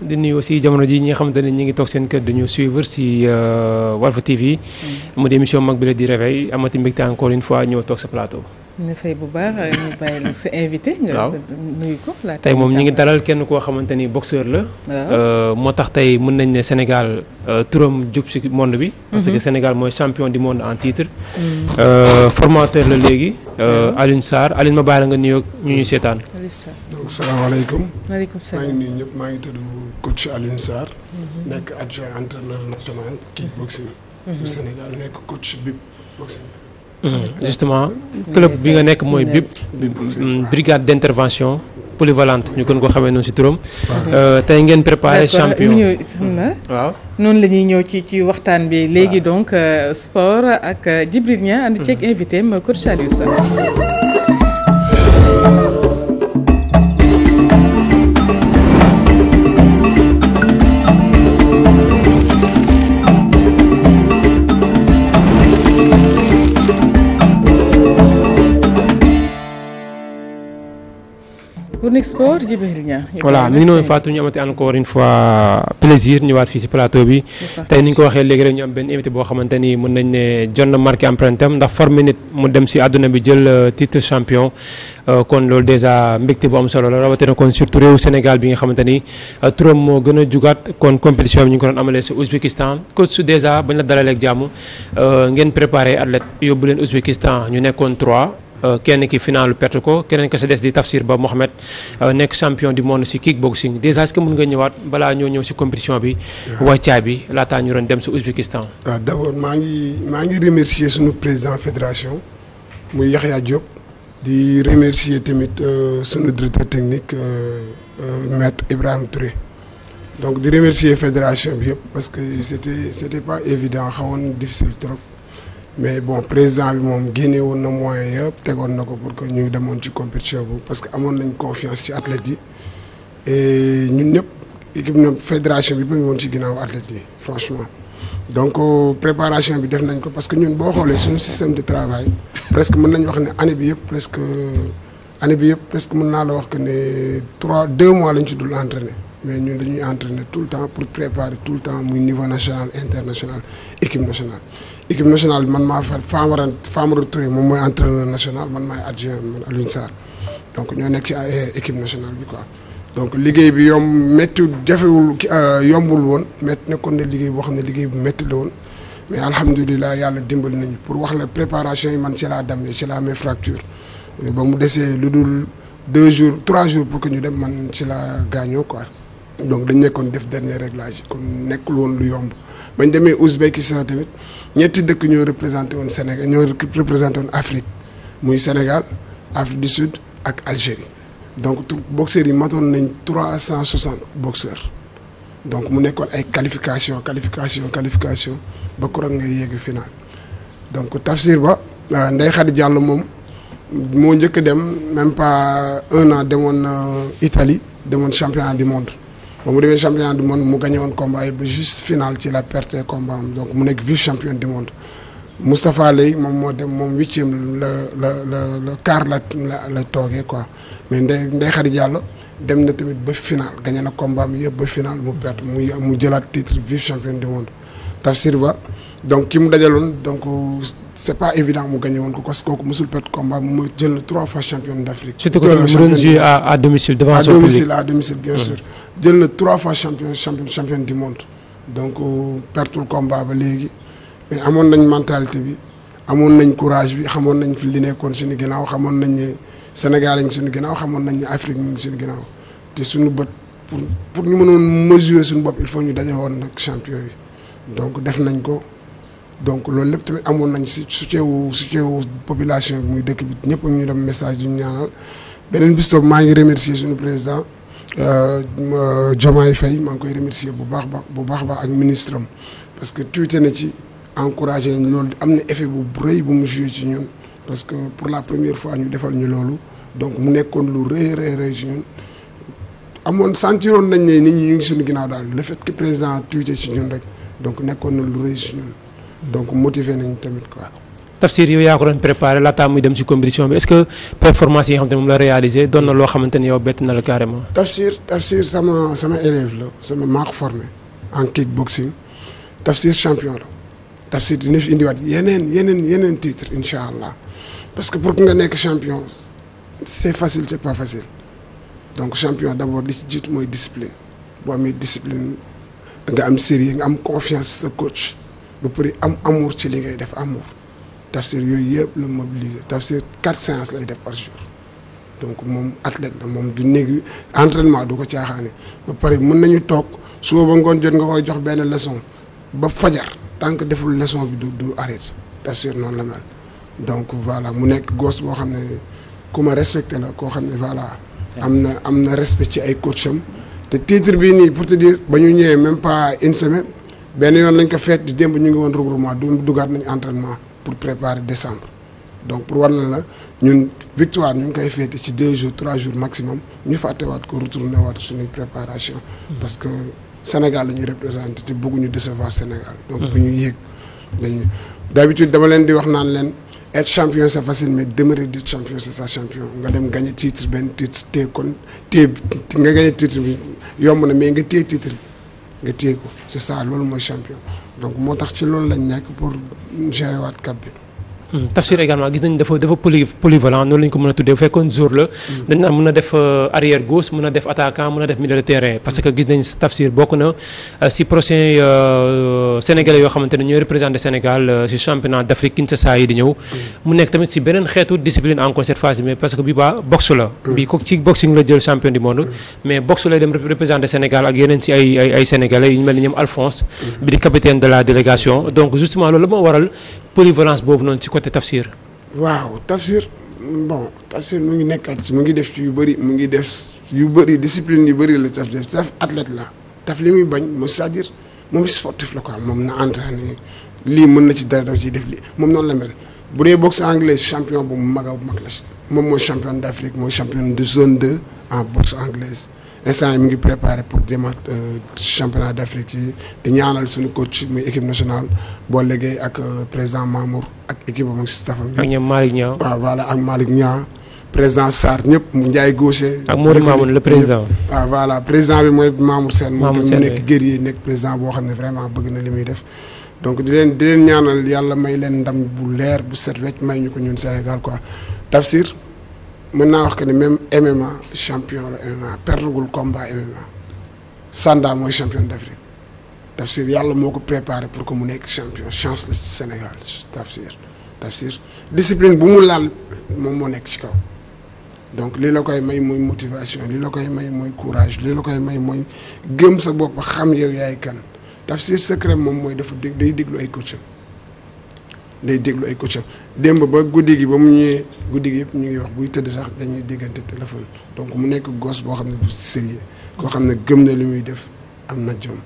di nuyu aussi jamono ji ñi nga xamante ne ñi ngi toog seen kër dañu suivre si euh, Walf TV. Mm. mu di émission mag bi la di réveil amati mbégte encore une fois ñëw toog sa plateau. na fay bu baax euh, tey moom ñi ngi dalal kenn koo xamante ni boxeur la. Euh, moo tax tey mën nañ ne Sénégal turam jub si monde bi. parce que mm-hmm. Sénégal mooy champion du monde en titre. Mm. formateur la léegi. Mm-hmm. Alioune Sarr Alioune ma bàyyi la nga nuyoog ñu ñuy seetaan. salaamaaleykum. maaleykum salaam maa ngi nuyu ñëpp maa ngi tudd coach Alioune Sarr. Mhm. nekk adjoint entraîneur national kickboxing. bu mhm. nekk coach bip boxing. Mhm. justement club bi nga nekk mooy BIP. Mm, brigade d' intervention polyvalente kon gën ko xamee noonu si turam. Euh, tey ngeen préparé champion waaw noonu la ñuy ñëw ci ci waxtaan bi. léegi donc euh, sport ak euh, Djibril ña ànd ceeg invité ma coach Aliou Sarr Clinique Sport Djibril Niang voilà mi ngi noonu Fatou ñu amati encore une fois plaisir ñëwaat fii si plateau bi tey ni ñu ko waxee léegi rek ñu am benn invité boo xamante ni mën nañ ne jot na marqué empreinte am ndax formé nit mu dem si àdduna bi jël euh, titre champion euh, kon loolu déjà mbégte bu am solo la rawatina kon surtout réew Sénégal bi nga xamante ni euh, turam moo gën a jugaat kon compétition bi ñu ngi ko doon amalee si Ouzbékistan coach su déjà bañ la dalalee ak jàmm ngeen préparé athlète yóbbu leen Ouzbékistan ñu nekkoon 3 Euh, kenn ki finalu perte ko keneen ka si des di Tafsir Ba Mohamed euh, nekk champion du monde si kickboxing déjà est-ce que mën nga ñëwaat balaa ñoo ñëw si compétition bi. wàccaay bi laataa ñu doon dem si Ouzbékistan. waaw ah, maa ngi maa ngi remercier suñu président fédération muy Yaxya Diop. di remercier tamit euh, suñu directeur technique maître Ibrahima Touré. donc di remercier fédération bi yëpp parce que c'était c'était pas évident xawoon difficile trop. mais bon président bi moom génne woon na moyen yëpp tegoon na ko pour que ñu demoon ci compétition bu parce que amoon nañ confiance ci athlètes yi et ñun ñëpp équipe na fédération bi ba ñu woon ci ginnaaw athlètes yi franchement donc euh, préparation bi def nañ ko parce que ñun boo xoolee suñu système de travail presque mën nañ wax ne année bi yëpp presque année bi yëpp presque mën naa la wax que ne trois deux mois lañ ci dul entraîner mais ñun dañuy entraîner tout le temps pour préparer tout le temps muy niveau national international équipe nationale équipe nationale bi man maa fa Famara Famara Touré moom mooy entraîneur national man maay adjoint man Alioune Sarr donc ñoo nekk ci équipe nationale bi quoi. donc liggéey bi yomb métti jafewul euh, yombul woon mett nekkoon na liggéey boo xam ne liggéey bu métti la woon mais alhamdulilah yàlla dimbali nañu pour wax la préparation yi man ci laa dem ci laa amee fracture ba mu desee lu dul deux jours trois jours pour que ñu dem man ci laa gaañoo quoi. donc dañ nekkoon def dernier réglage yi kon nekkul woon lu yomb bañ demee Ouzbékistan tamit. ñetti dëkk ñoo représenté woon Sénégal ñoo représenté woon Afrique muy Sénégal Afrique du Sud ak Algérie donc boxeurs yi matoon nañ trois cent soixante boxeurs donc mu nekkoon ay qualification qualification qualification ba kuréel ngay yegg final donc Tafsir Ba euh, Ndeye Khady Diallo moom moo njëkk dem même pas un an demoon Italie demoon championnat du monde ba mu demee championnat du monde mu gagné woon combat yi ba juste final ci la perte combat am donc mu nekk vice champion du monde Moustapha Lay moom moo dem moom huitième la la la la quart la la toogee quoi mais Ndeye Ndeye Khady Diallo dem na tamit ba final gagné na combat am yëpp ba final mu perte mu mu jëlaat titre vice champion du monde Tafsir Ba. donc ki mu dajaloon donc c'est pas évident mu gagné woon ko parce que kooku mosul perte combat mu jël na trois fois champion d'Afrique. surtout que mu doon joué à domicile devant son public à domicile à domicile bien sûr. jël na trois fois champion du monde. donc euh, pertul combat ba léegi mais amoon nañ mentalité bi amoon nañ courage bi xamoon nañ fi li nekkoon suñu ginnaaw xamoon nañ ne Sénégal a ngi suñu ginnaaw xamoon nañ ne Afrique ñu ngi suñu ginnaaw te suñu bët pour pour ñu mënoon mesurer suñu bopp il faut ñu daje woon nag champion yi donc def nañ ko. donc loolu lépp tamit amoon nañ si soutien wu soutien population bi muy dëkk bi ñëpp ñu dem message yu ñu ñaanal beneen bis toog maa ngi remercier suñu président euh, euh, Diomaye Faye maa ngi koy remercier bu baax baax bu baax baax ak ministre am parce que tuuti na ci encouragé nañ loolu am na effet bu rëy bu mu joué ci ñun parce que pour la première fois ñu defal ñu loolu donc mu nekkoon lu rëy rëy rëy ci ñun amoon sentiroon nañ ne nit ñu ngi suñu ginnaaw daal le fait que président tuuti ci ñun rek donc nekkoon na lu rëy ci ñun donc motivé nañ tamit quoi. Tafsir yow yaa ko doon préparé laataa muy dem si compétition bi est-ce que performance yi nga xam te moom la réalisé doon na loo xamante ni yow bett na la carrément. Tafsir Tafsir sama sama élève la sama maa ko formé en kickboxing Tafsir champion la Tafsir dina fi indiwaat yeneen yeneen yeneen titre incha allah parce que pour que nga nekk champion c'est facile c'est pas facile donc champion d'abord li ci jiitu mooy discipline boo amee discipline nga am sérieux nga am confiance sa du prix am amour ci li ngay def amour tafsir yooyu yëpp lu mobiliser tafsir quatre séances lay def par donc moom athlète la moom du néeg entraînement du ko caaxaane ba pare mën nañu toog suba ngoon jot nga koy jox benn leçon ba fajar tant que deful leçon bi du du arrêté tafsir noonu la mel donc voilà mu nekk gos boo xam ne ku ma respecté la koo xam ne voilà am na am na respect ci ay coacham te titre bii nii pour te dire ba ñu ñëwee même pas une semaine benn yoon lañ ko feet di démb ñu ngi woon regroupement du dugaat nañ entraînement pour préparer décembre donc pour war na la ñun victoire ñu ngi koy feeti ci deux jours trois jours maximum ñu fàttewaat ko retourné waat suñuy préparation parce que Sénégal la ñuy représenté te bëgguñu décevoir Sénégal donc bu ñu yéeg dañu d'habitude dama leen di wax naan leen être champion c'est facile mais demeurer d'être champion c'est ça champion nga dem gagner titre benn titre te kon te nga gagner titre bi yomb na mais nga téye titre nga téye ko ci ça loolu mooy champion donc moo tax ci loolu lañ nekk pour gérer waat cap bi. Tafsir également gis nañ dafa dafa poly polyvalent noonu la ñu ko mën a tuddee bu fekkoon jour la. Mm. dañ naan mën a def euh, arrière gauche mën a def attaquant mën a def milieu de terrain parce que gis nañ Tafsir bokk na euh, si prochain euh, sénégalais yoo xamante ne ñooy représenté Sénégal si championnat d' Afrique yi di ñëw. Mm. mu nekk tamit si beneen xeetu discipline encore cette phase mais parce que bi ba boxe la. Mm. bi ko ci boxing la jël champion du monde. mais boxe polyvalence boobu noonu ci côté tafsir. waaw tafsir bon tafsir mu ngi nekkaat si mu ngi def ci yu bëri mu ngi def yu bëri discipline yu bëri la taf def taf la taf li muy bañ mo sadir à dire moom sportif la quoi moom na entraîné lii mën na ci dara daf ciy def lii moom noonu la mere bu dee boxe anglaise champion bu mag a mag la moom mooy champion d'Afrique mooy champion de zone de en boxe anglaise instant yi mu ngi préparé pour demaat euh, championnat d' Afrique yi di ñaanal suñu coach muy équipe nationale boo liggéey ak euh, président Mamour ak équipe am ak staff am. ak ñoom Malick Niang waaw voilà ak Malick Niang président Sarr ñëpp njaay Gaucher. ak Modou Mamoun le président. waaw voilà président bi mooy Mamour Sène. Mamour Sène mu nekk guerrier nekk président boo xam ne vraiment bëgg na li muy def. donc di leen di ñaanal yàlla may leen ndam bu leer bu set wecc may ñu ko ñun Sénégal quoi Tafsir. mën naa wax que ni même MMA champion la MMA perdagul combat MMA Sanda mooy champion d'Afrique Tafsir yàlla moo ko préparé pour que mu nekk champion chance la ci Sénégal Tafsir Tafsir discipline bu mu laal moom moo nekk ci kaw donc li la koy may mooy motivation li la koy may mooy courage li la koy may mooy gëm sa bopp xam yow yaay kan Tafsir secret moom mooy dafa dég day déglu ay coacham day déglu ay coach am démb ba guddi gi ba mu ñëwee guddi gi yëpp ñu ngi wax buy tëdd sax dañuy déggante téléphone donc mu nekk gosse boo xam ne bu sérieux koo xam ne gëm na li muy def am na jom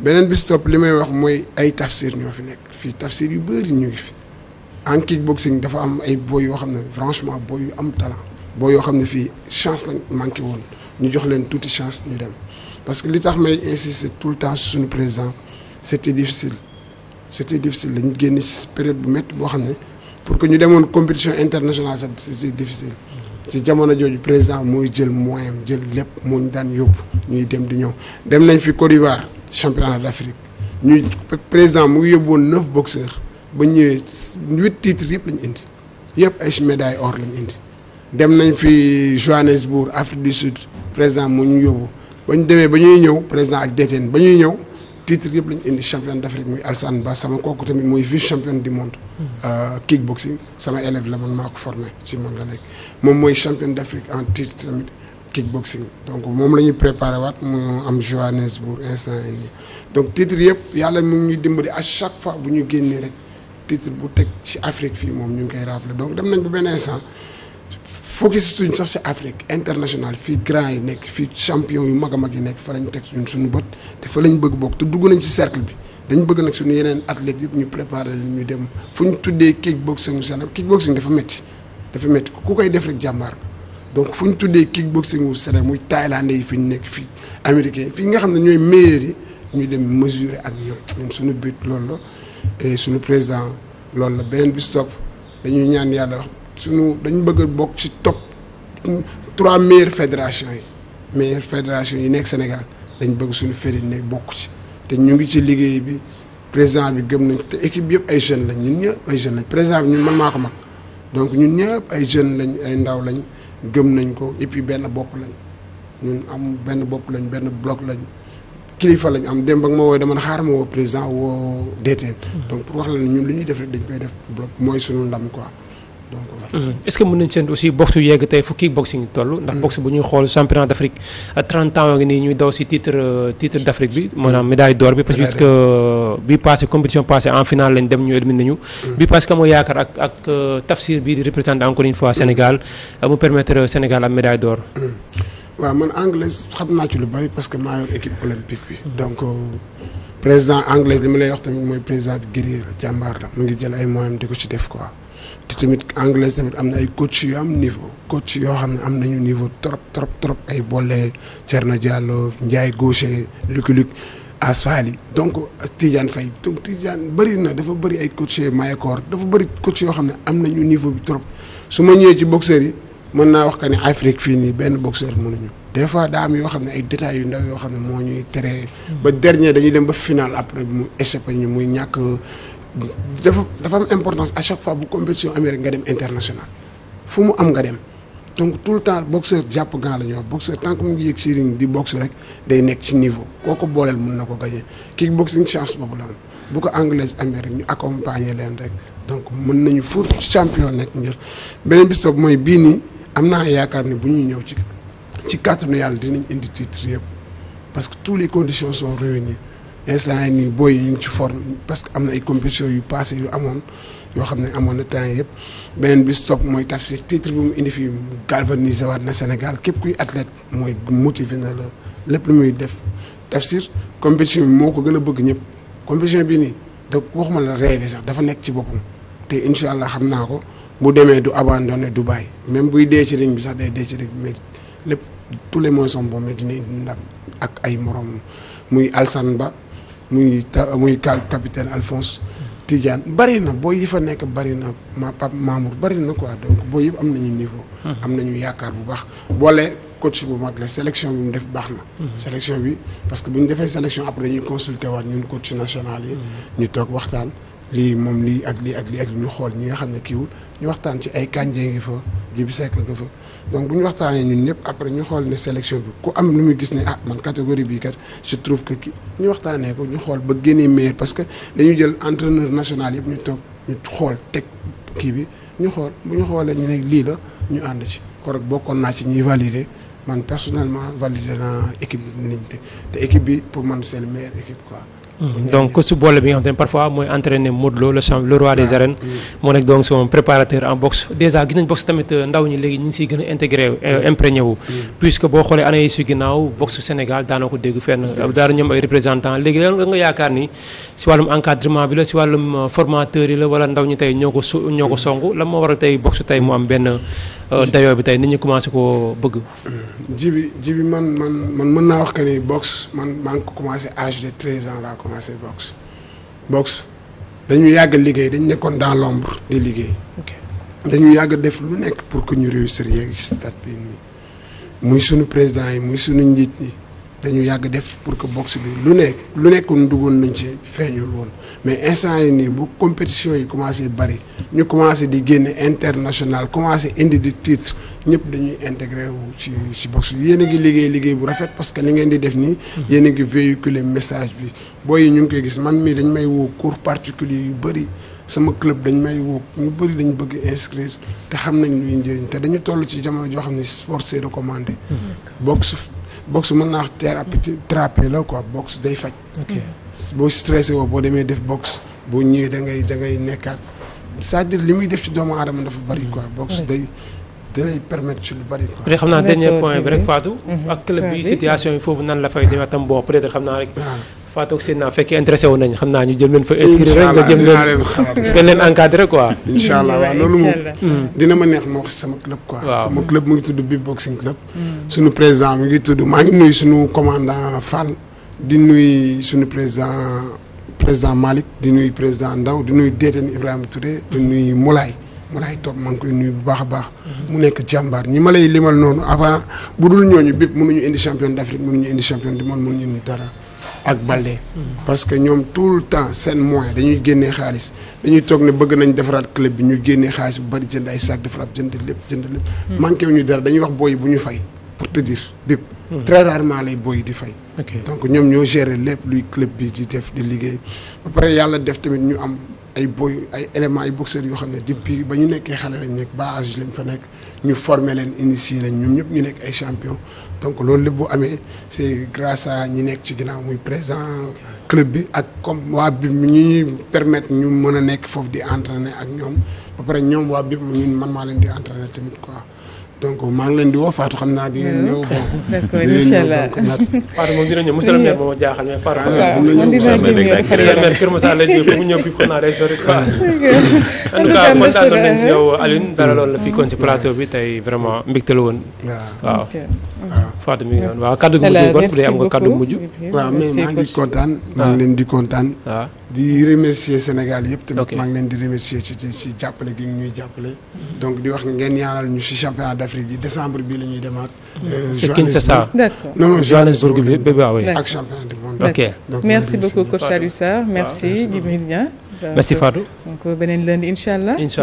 beneen bis li may wax mooy ay tafsir ñoo fi nekk fii tafsir yu bëri ñu ngi fi en kickboxing dafa am ay boy yoo xam ne franchement boy yu am talent boy yoo xam ne fii chance lañ manqué woon ñu jox leen tuuti chance ñu dem parce que li tax may insister tout le temps suñu président c'était difficile c'était difficile dañu génn ci période bu métti boo xam ne pour que ñu demoon compétition internationale sax c'était difficile ci jamono jooju président mooy jël moyen jël lépp moo ñu daan yóbbu ñuy dem di ñëw dem nañ fi Côte d'Ivoire championnat d'Afrique ñuy président mu ngi yóbbu woon neuf boxeurs ba ñëwee huit titres yëpp lañu indi yëpp ay médaille or lañu indi dem nañ fi Johannesburg Afrique du Sud président mu ñu yóbbu ba ñu demee ba ñuy ñëw président ak DTN ba ñuy ñëw titre yëpp lañu indi champion d'Afrique muy Alsane Ba sama kooku tamit muy vice champion du monde. Euh, kickboxing sama élève la man maa ko formé ci moom la nekk moom mooy champion d'Afrique en titre tamit kickboxing donc moom la ñuy préparé waat mu am Johannesburg instant nii donc titre yëpp yàlla mu ngi ñuy dimbali à chaque fois bu ñu génnee rek titre bu teg ci Afrique fii moom ñu ngi koy rafle donc dem nañ ba benn instant. foo focus suñ sax si Afrique international fii grand yi nekk fii champion yu mag a mag yi nekk fa lañ teg suñ suñu bët te fa lañ bëgg bokk te dugg nañ ci cercle bi dañ bëgg nag suñu yeneen athlètes yëpp ñu préparer leen ñu dem fu ñu tuddee kickboxing Sénégal kickboxing dafa metti dafa métti ku koy def rek jàmbaar donc fu ñu tuddee kickboxing wu Sénégal muy thaïlandais yi fi ñu nekk fii américain yi nga xam ne ñooy meilleurs yi ñu dem mesurer ak ñoom ñun suñu but loolu la suñu président loolu la beneen bis topp dañuy ñaan yàlla suñu dañu bëgg bokk ci top trois meilleures fédérations yi meilleures fédérations yi nekk Sénégal dañ bëgg suñu féri ne bokk ci te ñu ngi ci liggéey bi président bi gëm nañ te équipe bi yëpp ay jeunes lañ ñun ñëpp ay jeunes lañ bi ñun man maa ko mag donc ñun ñëpp ay jeunes lañ ay ndaw lañ gëm nañ ko et puis benn bopp lañ ñun am benn bopp lañ benn bloc lañ kilifa lañ am démb ak ma woo dama ne xaar ma woo président woo DTN. Mm. donc pour wax la ne ñun li ñuy def rek dañ koy def bloc mooy suñu ndam quoi. donc mhm. est ce que mën nañ seen aussi boxe yegg tey fu kickboxing toll. ndax boxe bu ñuy xool championnat d' Afrique 30 ans ngi nii ñuy daw si titre euh, titre d' Afrique bi maanaam mhm. médaille d'or bi. parce que euh, bi passé compétition passé en dem ñu éliminé ñu. Mhm. bi que moo yaakaar ak ak euh, tafsir bii di représenté encore une fois Sénégal mu permettre Sénégal am médaille d'or waaw man anglaise xam naa ci lu bari parce que maa yor équipe olympique bi. donc président anglaise li ma lay wax tamit mooy président bi guerrier jàmbaar la mu ngi jël ay moyens di def quoi. te tamit anglais tamit am na ay coach yu am niveau coach yoo xam ne am nañu niveau trop trop trop ay Bollé Thierno Diallo Ndiaye Gaucher Luc Luc Asfali donc Tidiane fay donc Tidiane bëri na dafa bëri ay coach Mayakor dafa bëri coach yoo xam ne am ñu niveau bi trop su ma ñëwee ci boxeur yi mën naa wax que ni Afrique fii nii benn boxeur mënuñu. des fois daa am yoo xam ne ay détails yu ndaw yoo xam ne moo ñuy tere. ba dernier dañuy dem ba final après mu échappé muy ñàkk dafa dafa am importance chaque fois bu compétition amee nga dem international fu mu am nga dem donc tout le temps boxeur jàpp gant la ñuy wax boxeur tant que mu ngi yëg ci di boxe rek day nekk ci niveau koo booleel mun na ko gagné kii boxing chance boobu la am bu ko anglaise amee rek ñu accompagner leen rek donc mën nañu fuur champion nekk njër beneen bis boobu mooy bii nii am naa yaakaar ni bu ñuy ñëw ci ci kàttanu yàlla dinañ indi titre yëpp parce que toutes les conditions sont réunies instant yi booy yi ñu ci forme parce que am na ay compétitions yu passé yu amoon yoo xam ne amoon na temps yëpp beneen bis topp mooy Tafsir titre bi mu indi fii waat na Sénégal képp kuy athlète mooy motivé na la lépp lu muy def Tafsir compétition bi moo ko gën a bëgg ñëpp compétition bi nii da waxuma la rêve sax dafa nekk ci boppam te incha allah xam naa ko bu demee du abandonné du bàyyi même buy dee ci ligne bi sax day dee ci ligne bi mais lépp tous les moyens sont bons mais dina ak ay moroom muy Alsan Ba. muy ta muy capitaine Alphonse Tidiane bari na boo yi fa nekk bari na ma Pape Mamour bari na quoi donc boo yëpp am nañu niveau. am na ñu yaakaar bu baax boole coach bu mag la sélection bi mu def baax na. selection bi parce que bu ñu defee sélection après dañuy consulter waat ñun coach national yi. ñu toog waxtaan lii moom lii ak lii ak lii ak ñu xool ñi nga xam ne kiiwul ñu waxtaan ci ay Kandji ngi fa Djibi Seck nga fa. donc bu ñu waxtaanee ñun ñëpp après ñu xool ne sélection bi ku am lu muy gis ne ah man catégorie bii kat je trouve que ki ñu waxtaanee ko ñu xool ba génnee meilleur parce que dañu jël entraîneur national yëpp ñu toog ñu xool teg kii bi ñu xool bu ñu xoolee ñu ne lii la ñu ànd ci korog bokkoon naa ci ñuy valider man personnellement valider naa équipe bi nit te équipe bi pour man seen le équipe quoi Mm-hmm. donc coach boole bi nga xam te ne parfois mooy entraîner Modou le roi des ah. arènes moo nekk donc son préparateur en boxe déjà gis nañ boxe tamit euh, ndaw ñi léegi ñi ngi siy gën a intégré euh, mm-hmm. imprégné wu mm-hmm. puisque boo xoolee année yi si ginnaaw boxe Sénégal daana ko dégg fenn daana ñoom ay représentant léegi lan nga yaakaar ni si wàllum encadrement bi la si wàllum euh, formateur yi la wala ndaw ñi tey ñoo ko su ñoo ko song lan moo waral tey boxe tey mu am benn dayoo bi tey nit ñu commencé koo bëgg ji bi man man man mën naa wax man maa ngi ko ko commencé boxe box dañu yàgg liggéey dañu nekkoon dans l'ombre di liggéey dañu yàgg def lu nekk pour que ñu réussir yeeg stade bi muy sunu président yi muy sunu njiit yi dañu yàgg def pour que boxe bi lu nekk lu nekkoon duggoon nañ ci feeñul woon mais instant yi nii bu compétition yi commencé bari ñu commencé di génne international commencé indi di titre ñëpp dañuy intégré wu ci ci boxe yéen a ngi liggéey liggéey bu rafet parce que li ngeen di def nii. yéen a ngi véhiculer message bi booy yi ñu ngi koy gis man mii dañ may woo cours particulier yu bëri. sama club dañ may woo ñu bëri dañu bëgg inscrire te xam nañ luy njëriñ te dañu toll ci jamono joo xam ne sport c'est recommandé. boxe boxe mën naa wax thérapie thérapie la quoi boxe day faj. boo stressé woo boo demee def boxe boo ñëwee da ngay da nekkaat. c'est-à-dire li muy def ci doomu aadama dafa bari quoi. boxe day dalay permettre ci lu bari quoi. peut-être xam naa dernier point bi rek Fatou. Mhm. ak club bi situation yi foofu nan la fay demee tam bon peut-être xam naa rek. Ah. Fatou ak Seydina fekkee intéressé wu nañ xam naa ñu jëm leen fa. inscrire rek nga jëm leen ngeen leen encadré quoi. incha allah loolu moom hmm. dina ma neex ma wax sama club quoi. waaw sama club mu ngi tudd Big Boxing Club. Hmm. suñu président mu ngi tudd maa président Malick di nuyu président Ndaw di nuyu Détene Ibrahima Touré di nuyu Moulay Moulay Top maa ngi koy nuyu bu baax a baax. mu nekk jàmbaar ñi ma lay limal noonu avant bu dul ñooñu bépp ñu indi champion d'Afrique ñu indi champion du monde mënuñu indi dara. ak Baldé. parce que ñoom tout le temps seen moyen dañuy génnee xaalis dañuy toog ne bëgg nañ defaraat club bi ñu génne xaalis bu bari jënd ay sac de frappe jënd lépp jënd lépp. Hmm. manqué wu ñu dara dañuy wax booy bu ñu fay pour bépp. très rarement lay booy di fay. donc ñoom ñoo gérer lépp luy club bi di def di liggéey ba pare yàlla def tamit ñu am ay booy ay éléments ay boxeurs yoo xam ne depuis ba ñu nekkee xale lañ nekk ba âge lañ fa nekk ñu former leen initier leen ñoom ñëpp ñu nekk ay champion donc loolu lépp bu amee c'est grâce à ñi nekk ci ginnaaw muy présent club bi ak comme waa bi ñuy permettre ñu mën a nekk foofu di entraîner ak ñoom ba pare ñoom waa bi ñun man maa leen di entraîner tamit quoi. donc maa ngi leen di woo Fatou xam naa di ngeen ñëw. d'accord incha allah Fatou moom dina ñëw jaaxal mais Fatou. waaw man dinaa ñëw bi xam kon si plateau bi tey vraiment mbégte la woon. waaw waaw. Fatou mi ngi noonu waaw kaddu gu mujj kon bu dee am nga kaddu gu mujj. mais maa ngi kontaan maa ngi leen di kontaan. waaw. di remercier Sénégal yëpp tamit maa ngi leen di remercier ci ci ci jàppale gi ñuy jàppale donc di wax ngeen ñaanal ñu ci championnat d'Afrique yi décembre bi la demaat euh, c'est Kinshasa non non Johannesburg bi ak championnat du monde ok donc merci beaucoup coach Alioune Sarr merci Djibril Niang merci Fatou beneen lundi incha allah